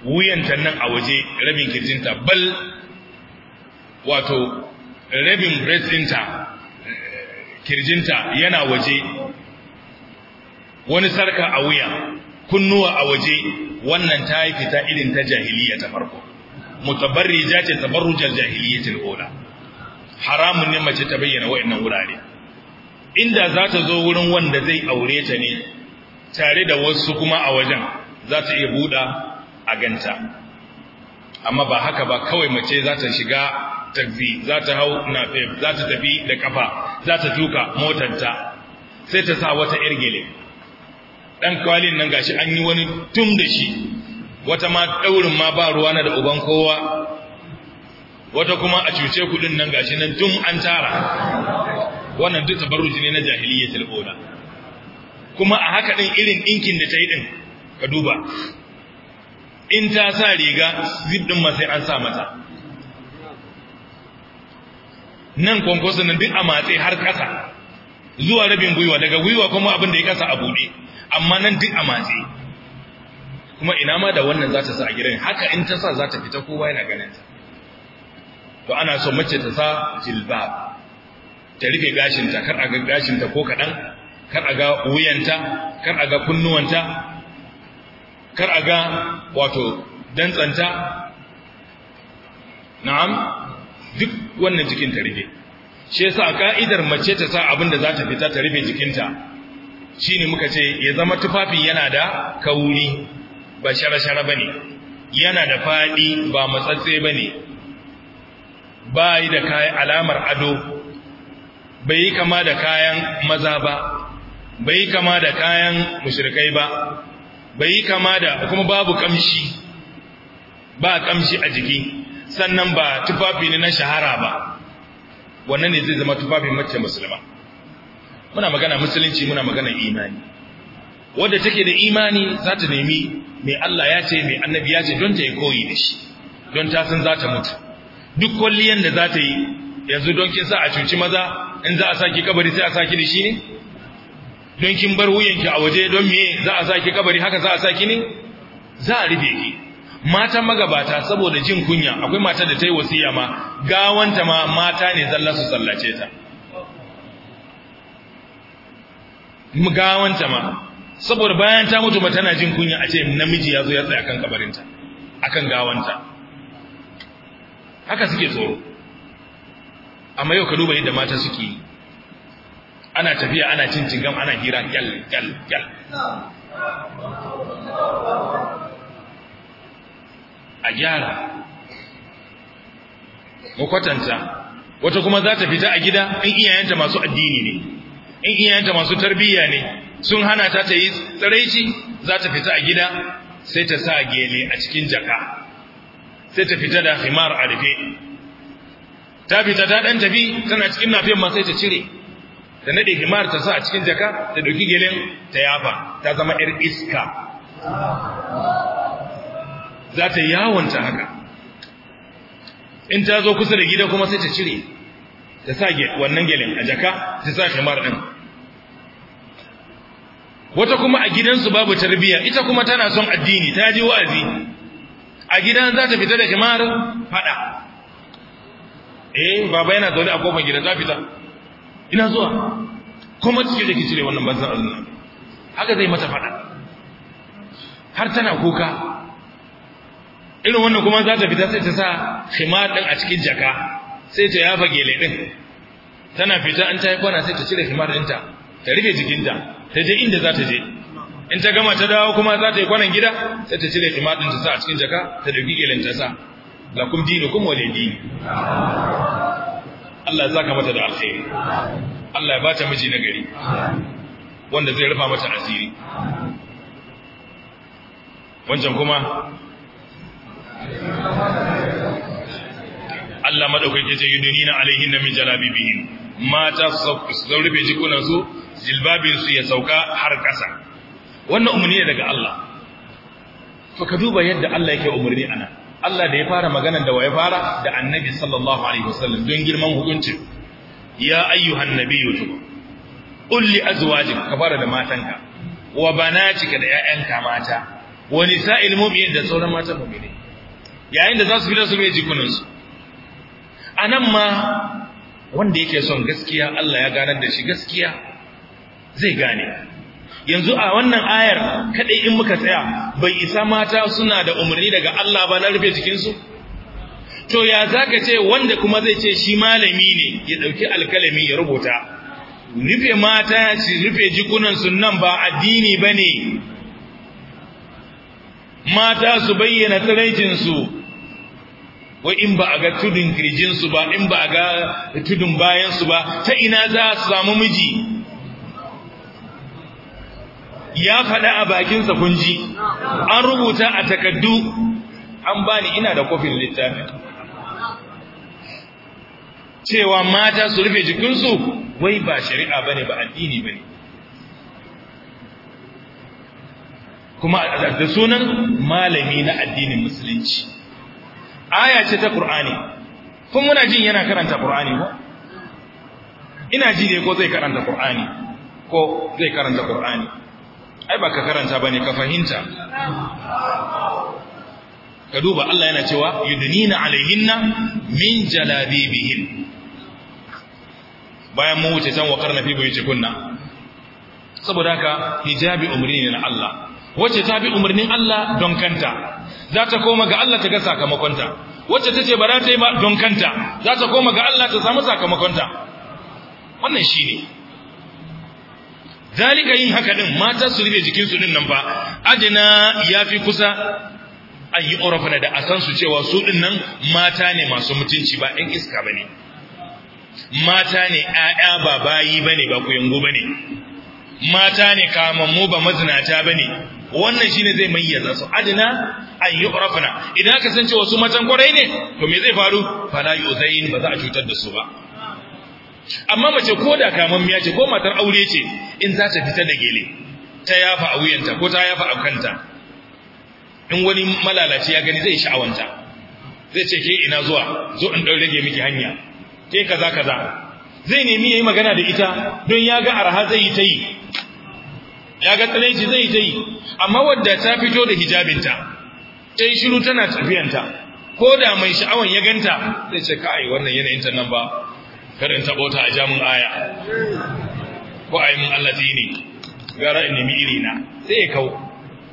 wuyanta nan a waje rabin kirjinta bal wato rabin breast ɗinta kirjinta yana waje wani sarka a wuya kunnuwa a waje wannan ta yi fita irin ta jahiliya ta farko mutabarrija ce tabarrujar jahiliyatul ula haramun ne mace ta bayyana wa'annan wurare inda za ta zo wurin wanda zai aure ta ne tare da wasu kuma a wajen za ta iya buɗa a ganta amma ba haka ba kawai mace za ta shiga taxi za ta hau na za ta tafi da kafa za ta tuka ta, sai ta sa wata irgile Ɗan kwalin nan gashi an yi wani tun da shi wata ma daurin ma ba ruwa na da uban kowa wata kuma a cuce kudin nan gashi nan tun an tara wannan duk tabarruji ne na jahiliyyatul tilbola kuma a haka din irin dinkin da ta yi din ka duba in ta sa riga zip ɗin ma sai an sa mata nan kwankwaso nan duk a matse har ƙasa zuwa rabin gwiwa daga gwiwa kuma abin da ya kasa a buɗe amma nan duk a matse kuma ina ma da wannan za ta sa a gidan haka in ta sa za ta fita kowa yana ganin ta to ana so mace ta sa jilbab ta rufe gashinta kar a ga gashinta ko kaɗan kar a ga wuyanta kar a ga kunnuwanta kar a ga wato dantsanta na'am duk wannan jikin ta rufe shi yasa ka'idar mace ta sa abin da za ta fita ta rufe jikinta shi ne muka ce ya zama tufafin yana da kauri ba shara-shara ba ne, yana da fadi ba matsatse ba ne. ba yi da kayan alamar ado bai yi kama da kayan maza ba bai yi kama da kayan mushrikai ba bai yi kama da kuma babu kamshi ba kamshi a jiki sannan ba tufafi ne na shahara ba wannan ne zai zama tufafin mace musulma muna magana musulunci muna magana imani wanda take da imani za ta nemi mai Allah ya ce mai annabi ya ce don ta yi koyi da shi don ta san za ta mutu duk kwalliyan da za ta yi yanzu don kin sa a cuci maza in za a saki kabari sai a saki da shi ne don kin bar wuyanki a waje don me za a saki kabari haka za a saki ne za a rufe ki Mata magabata saboda jin kunya akwai mata da ta yi wasiya ma gawanta ma mata ne zalla su sallace ta gawanta ma saboda bayan ta mutu ba tana jin kunya a ce namiji ya zo ya tsaya kan kabarinta akan gawanta haka suke tsoro amma yau ka duba yadda mata suke yi ana tafiya ana cin cingam ana hira kyal kyal kyal a gyara mu kwatanta wata kuma za ta fita a gida in iyayenta masu addini ne in iyayenta masu tarbiyya ne sun hana ta ta yi tsiraici za ta fita a gida sai ta sa gele a cikin jaka sai ta fita da himar a rufe ta fita ta ɗan tafi tana cikin nafiyan ma sai ta cire ta nade himar ta sa a cikin jaka ta ɗauki gelen ta yafa ta zama ‘yar iska za ta yawanta haka in ta zo kusa da gida kuma sai ta cire ta sa wannan gelin a jaka ta sa kamar ɗin wata kuma a gidansu babu tarbiyya ita kuma tana son addini ta ji wa'azi a gidan za ta fita da kamar fada eh baba yana zaune a kofar gidan za fita ina zuwa kuma cike da kicire wannan banzan azuna haka zai mata fada har tana kuka irin wannan kuma za ta fita sai ta sa khimar din a cikin jaka sai ta yafa gele din tana fita an ta yi kwana sai ta cire khimar ɗinta ta rufe jikinta ta je inda za ta je in ta gama ta dawo kuma za ta yi kwanan gida sai ta cire khimar ɗin ta sa a cikin jaka ta dauki gelen ta sa lakum dinukum walidi Allah ya zaka mata da alkhairi Allah ya bata miji na gari wanda zai rufa mata asiri wancan kuma Allah madaukake ce yudunina alaihin min jalabibihin mata su rufe jikunan su jilbabin su ya sauka har kasa wannan umarni ne daga Allah to ka duba yadda Allah yake umarni ana Allah da ya fara maganan da ya fara da annabi sallallahu alaihi wasallam don girman hukunci ya ayyuhan nabiyyu tub qul li azwajika ka fara da matanka wa banatika da ƴaƴanka mata wa nisa'il mu'minin da sauran matan mu'minin yayin da za su fi su mai jikunansu a nan ma wanda yake son gaskiya Allah ya ganar da shi gaskiya zai gane yanzu a wannan ayar kadai in muka tsaya bai isa mata suna da umarni daga Allah ba na rufe jikinsu to ya zaka ce wanda kuma zai ce shi malami ne ya ɗauki alkalami ya rubuta rufe mata su rufe jikunansu nan ba addini ba ne. mata su bayyana tsiraicinsu Wai in ba a ga tudun kirjinsu ba in ba a ga tudun bayansu ba ta ina za su samu miji ya faɗa a bakinsa kunji an rubuta a takaddu an bani ina da kofin littafi cewa mata su rufe jikinsu wai ba shari'a bane ba addini bane kuma da sunan malami na addinin musulunci aya ce ta Qur'ani kun muna jin yana karanta Qur'ani ko ina ji dai ko zai karanta Qur'ani ko zai karanta Qur'ani ai ba ka karanta bane ka fahimta ka duba Allah yana cewa yudnina alaihinna min jalabibihin bayan mu wuce can wa karna fi kunna saboda haka hijabi umrini na Allah wace ta bi umarnin Allah don kanta za ta koma ga Allah ta ga sakamakonta wacce ta ce ba za ta yi ba don kanta za ta koma ga Allah ta samu sakamakonta wannan shi ne zalika yin haka din mata su rufe su din nan ba ajina yafi kusa an yi da a san su cewa su din nan mata ne masu mutunci ba ‘yan iska bane mata ne ‘ya'ya ba bayi ba ba bane mata ne kamammu ba mazinata bane. wannan shine zai mayyaza su adna an yu'rafna idan aka san cewa su matan kwarai ne to me zai faru fala yuzain ba za a cutar da su ba amma mace ko da kaman miya ce ko matar aure ce in za ta fita da gele ta yafa a wuyanta ko ta yafa a kanta in wani malalaci ya gani zai sha'awanta zai ce ke ina zuwa zo in ɗau rage miki hanya ke kaza kaza zai nemi yayi magana da ita don ya ga arha zai yi ta yi ya ga tsiraici zai ta yi amma wadda ta fito da hijabinta ta yi shiru tana tafiyanta ko da mai sha'awan ya ganta zai ce ka ai wannan yanayin ta nan ba karin taɓo ta a jamun aya ko a mun Allah ne gara in nemi irina sai ya kawo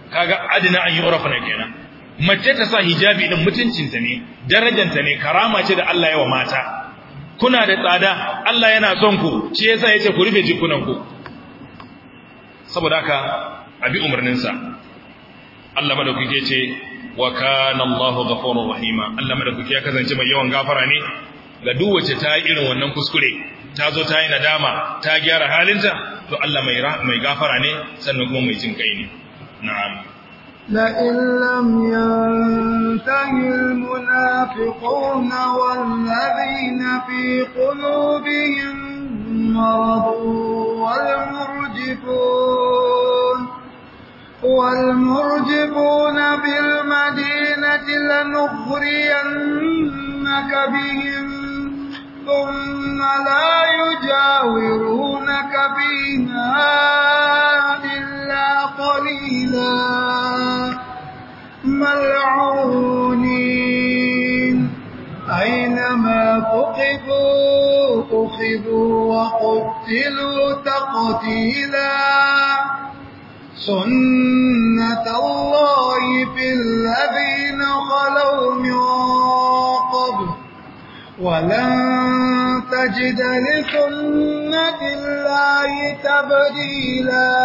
kaga adina an yi na kenan mace ta sa hijabi din mutuncinta ne darajanta ne karama ce da Allah ya wa mata kuna da tsada Allah yana son ku shi yasa ce ku rufe jikunanku. ku saboda haka bi umarninsa Allah madaukake ce wa kana Allahu ghafurur rahima Allah madaukake ya kasance mai yawan gafara ne ga duk ta yi irin wannan kuskure ta zo ta yi nadama ta gyara halinta to Allah mai mai gafara ne sannan kuma mai jin kai ne na'am illam yantahil munafiquna wal ladina fi qulubihim مرضوا والمرجفون والمرجفون بالمدينة لنخرينك بهم ثم لا يجاورونك فيها إلا قليلا ملعونين أينما تقفون أخذوا وقتلوا تقتيلا سنة الله في الذين خلوا من ولن تجد لسنة الله تبديلا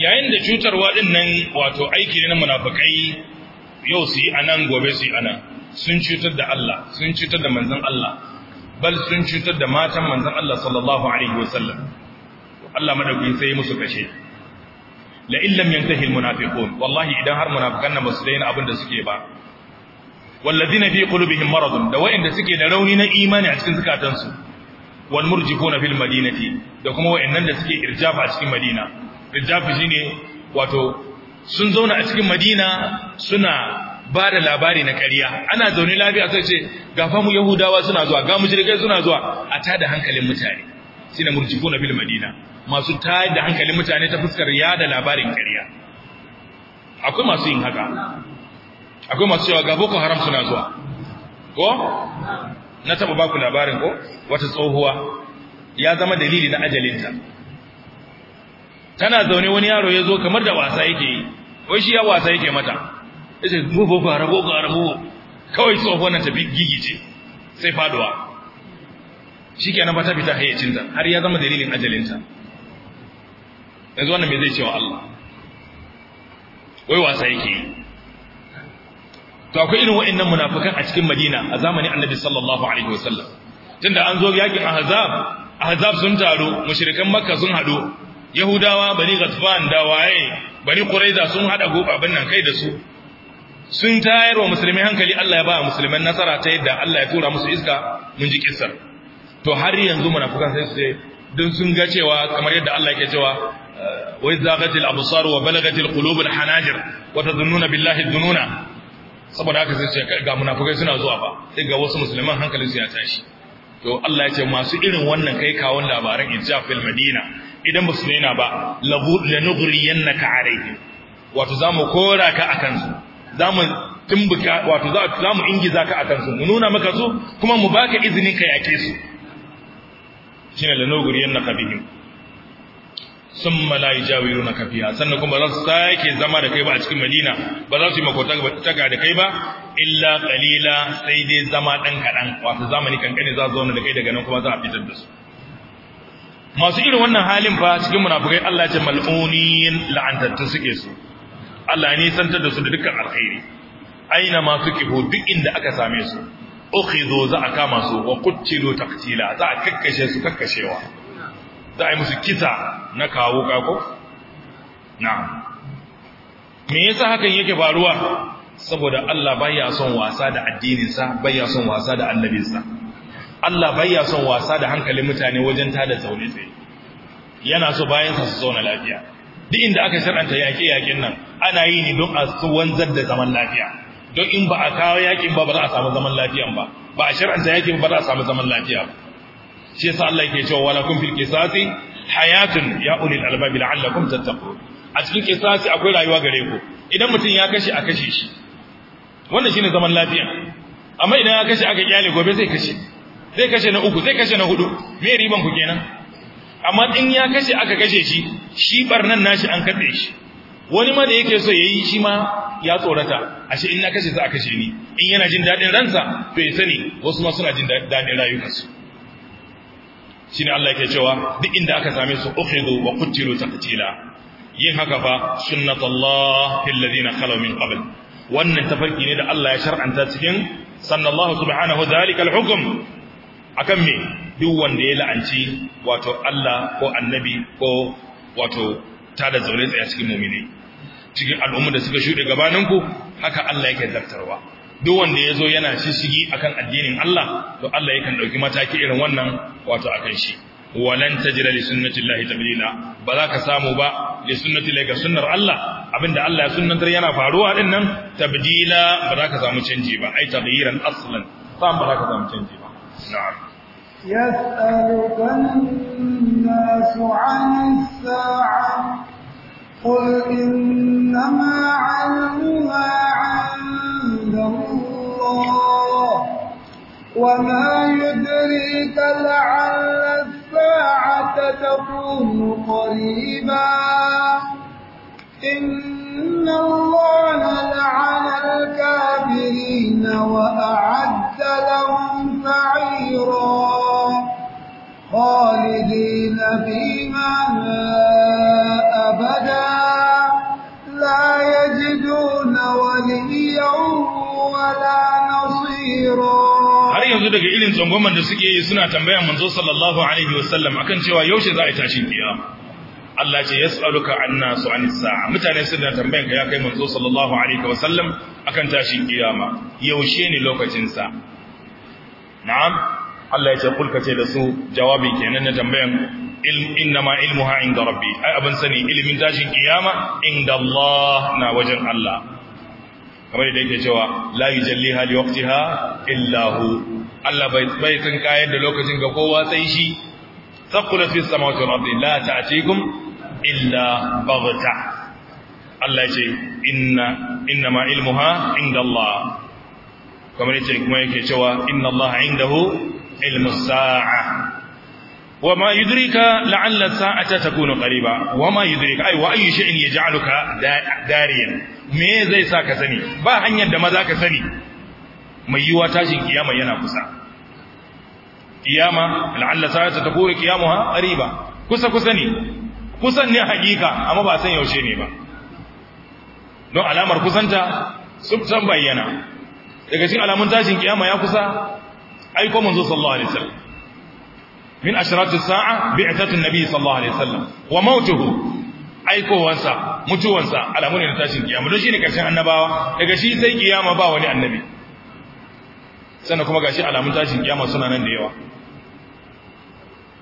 yayin da cutarwa din nan wato aiki ne na munafikai yau su yi anan gobe su yi anan sun cutar da Allah sun cutar da manzon Allah bal sun cutar da matan manzon Allah sallallahu alaihi wasallam Allah madauki sai musu kashe la illam yantahi almunafiqun wallahi idan har munafikan nan basu daina abin da suke ba walladhina fi qulubihim maradun da wa'inda suke da rauni na imani a cikin zukatansu wal murjifuna fil madinati da kuma wa'annan da suke irjafa a cikin madina irjafi shine wato sun zauna a cikin madina suna ba da labari na ƙarya ana zaune lafiya sai ce ga famu yahudawa suna zuwa ga mushrikai suna zuwa a tada hankalin mutane Sina murjifuna bil madina masu tada hankalin mutane ta fuskar ya da labarin ƙarya akwai masu yin haka akwai masu cewa ga boko haram suna zuwa ko na taba baku labarin ko wata tsohuwa ya zama dalili na ajalinta tana zaune wani yaro ya zo kamar da wasa yake yi wai shi ya wasa yake mata yace mu bo gara bo rabo mu kawai tsohuwar nan ta ce sai faduwa shikenan ba ta fita hayyacinta har ya zama dalilin ta yanzu wannan me zai cewa Allah wai wasa yake yi to akwai irin wa'annan munafikan a cikin Madina a zamanin Annabi sallallahu alaihi wasallam tunda an zo yaki Ahzab Ahzab sun taro mushrikan Makka sun hado Yahudawa bani Ghatfan da waye bani Quraiza sun hada gobabin nan kai da su sun tayar wa musulmi hankali Allah ya ba musulman nasara ta yadda Allah ya tura musu iska mun ji kissar to har yanzu munafukan sai su don sun ga cewa kamar yadda Allah yake cewa wai zagatil absar wa balagatil qulubul hanajir wa tadhunnuna billahi dhununa saboda haka sai ce ga munafikai suna zuwa ba sai ga wasu musulman hankalin su ya tashi to Allah ya ce masu irin wannan kai kawon labaran ijafil madina idan ba su ba ba lanughriyannaka alaihim wato zamu kora ka akan su za mu wato za mu ingiza ka akan su mu nuna maka su kuma mu baka izinin ka yake su shine lanoguriyan yanna kabihim summa la yajawiruna kafiya sannan kuma za su sake zama da kai ba a cikin Madina ba za su yi makotaka da kai ba illa qalila sai dai zama dan kadan wato zamani kankane za su zauna da kai daga nan kuma za a fitar da su masu irin wannan halin ba cikin munafikai Allah ya ce mal'unin la'antattu suke su Allah ne santar da su da dukkan alkhairi aina ma ho duk inda aka same su ukhidhu za a kama su wa qutilu taqtila za a kakkashe su kakkashewa za a yi musu kisa na kawo kako na'am me yasa hakan yake faruwa saboda Allah baya son wasa da addininsa baya son wasa da annabinsa Allah baya son wasa da hankalin mutane wajen tada zaune tsaye yana so bayan sa su zauna lafiya duk inda aka shar'anta yaƙe yaƙin nan ana yi ne don a wanzar da zaman lafiya don in ba a kawo yaƙin ba ba za a samu zaman lafiyan ba ba a shar'anta yaƙin ba za a samu zaman lafiya ba shi yasa Allah yake cewa wala kun fil qisasi hayatun ya ulil albab la'allakum tattaqun a cikin qisasi akwai rayuwa gare ku idan mutum ya kashe a kashe shi wannan shine zaman lafiya amma idan ya kashe aka kyale gobe zai kashe zai kashe na uku zai kashe na hudu me riban ku kenan amma in ya kashe aka kashe shi shi barnan nashi an katse shi wani ma da yake so yi shi ma ya tsorata ashe in na kashe za a kashe ni in yana jin daɗin ransa to ya sani wasu ma suna jin daɗin rayukansu shine Allah yake cewa duk inda aka same su ukhidu wa ta taqtila yin haka fa Allah fil ladina khalu min qabl wannan tafarki ne da Allah ya shar'anta cikin sanallahu subhanahu dhalika al-hukm akan me duk wanda ya la'anci wato Allah ko annabi ko wato tada zaune tsaye cikin mu'mini cikin al'umma da suka shuɗe ku, haka Allah yake zartarwa duk wanda ya zo yana shishigi akan addinin Allah to Allah yakan ɗauki mataki irin wannan wato akan shi walan tajira li sunnati llahi tabdila ba za ka samu ba li sunnati ga sunnar Allah abinda Allah ya sunnantar yana faruwa din nan tabdila ba za ka samu canji ba ai taghyiran aslan ba za ka samu canji ba na'am يسألك الناس عن الساعة قل إنما علمها عند الله وما يدريك لعل الساعة تكون قريبا إن الله لعن har yanzu daga irin tsangwamar da suke yi suna tambaya manzo sallallahu alaihi wasallam akan cewa yaushe za a tashi kiyama Allah ce yas'aluka annasu anis sa'a mutane suna tambayan ka ya kai manzo sallallahu alaihi wa sallam akan tashin kiyama yaushe ne lokacinsa? na'am Allah ya ce kulka ce da su jawabi kenan na tambayan innama hain ga rabbi ai abin sani ilimin tashin kiyama inda Allah na wajen Allah kamar da yake cewa jalli hali liwaqtiha ha? Illahu. Allah bai bai tun kayar da lokacin ga kowa sai shi saqulat fis samawati wal ta la ta'tikum illa baghta Allah ce inna ma ilmuha indallah kamar yace kuma yake cewa inna Allah indahu ilmu sa'a وما يدريك لعل الساعة تكون قريبا وما يدريك أي وأي شيء يجعلك داريا me zai sa ka sani ba hanyar da ma za ka sani mai yiwa tashin kiyama yana kusa kiyama la'alla sa'ata takunu qiyamuha qariba kusa kusa ne kusan ne hakika amma ba san yaushe ne ba don alamar kusanta subtan bayyana daga cikin alamun tashin kiyama ya kusa aiko manzo sallallahu alaihi wasallam min ashrati sa'a bi'tatu nabi sallallahu alaihi wasallam wa mautuhu aikowansa mutuwansa alamun ne tashin kiyama don shine karshen annabawa daga shi sai kiyama ba wani annabi sannan kuma gashi alamun tashin kiyama suna nan da yawa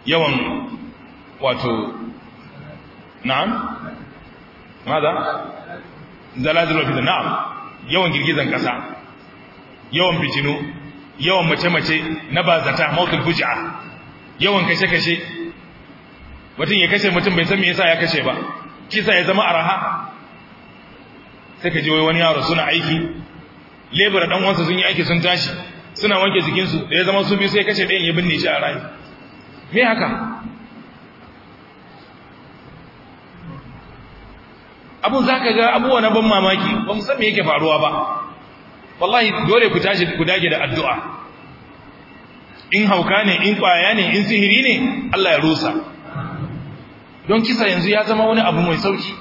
yawan wato na'am ماذا زلازل في Na'am. yawan girgizan kasa yawan fitinu yawan mace-mace na bazata mautul fuji'a yawan kashe-kashe mutum ya kashe mutum bai san me yasa ya kashe ba kisa ya zama araha sai ka ji wai wani yaro suna aiki lebura dan uwansa sun yi aiki sun tashi suna wanke jikinsu da ya zama su biyu sai kashe ɗayan ya binne shi a rayu me haka abun ka ga abuwa na ban mamaki ba mu san me yake faruwa ba wallahi dole ku tashi ku dage da addu'a in hauka ne in kwaya ne in sihiri ne Allah ya rusa don kisa yanzu ya zama wani abu mai sauki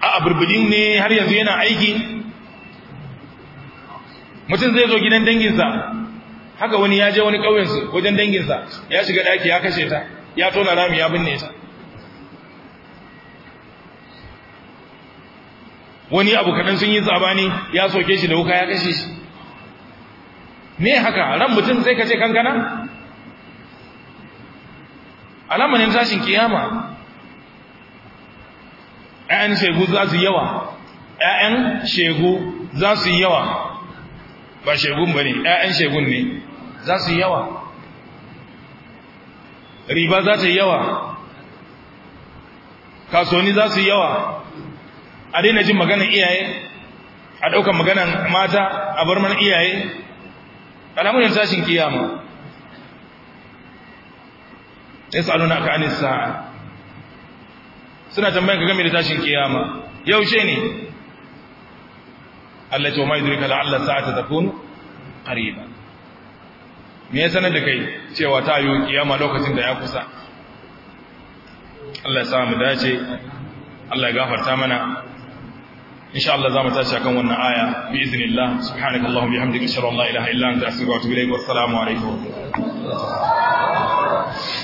a aburbulin ne har yanzu yana aiki mutum zai zo gidan danginsa haka wani ya je wani ƙauyensu wajen danginsa ya shiga daki ya kashe ta ya tona rami ya binne ta wani abu kadan sun yi tsabani ya soke shi da wuka ya kashe shi me haka ran mutum zai kace kankana alama ne tashin kiyama ƴaƴan shegu za su yawa ƴaƴan shegu za su yawa ba shegun bane ƴaƴan shegun ne za su yawa riba za ta yawa kasuwanni za su yawa a daina jin maganar iyaye a ɗaukar maganar mata a bar mana iyaye Alamunan tashin kiyama ya sa aluna aka anis sa'a suna tambayin ka game da tashin kiyama Yau ce ne Allah ce wa mai durika la'allar sa'a ta takunu ƙariba me ya sanar da kai cewa ta yi kiyama lokacin da ya kusa Allah ya samu dace Allah ya gafarta mana insha Allah zamu tashi akan wannan aya bi iznillah subhanakallahumma bihamdika ashhadu an la ilaha illa anta astaghfiruka wa atubu ilaik wa assalamu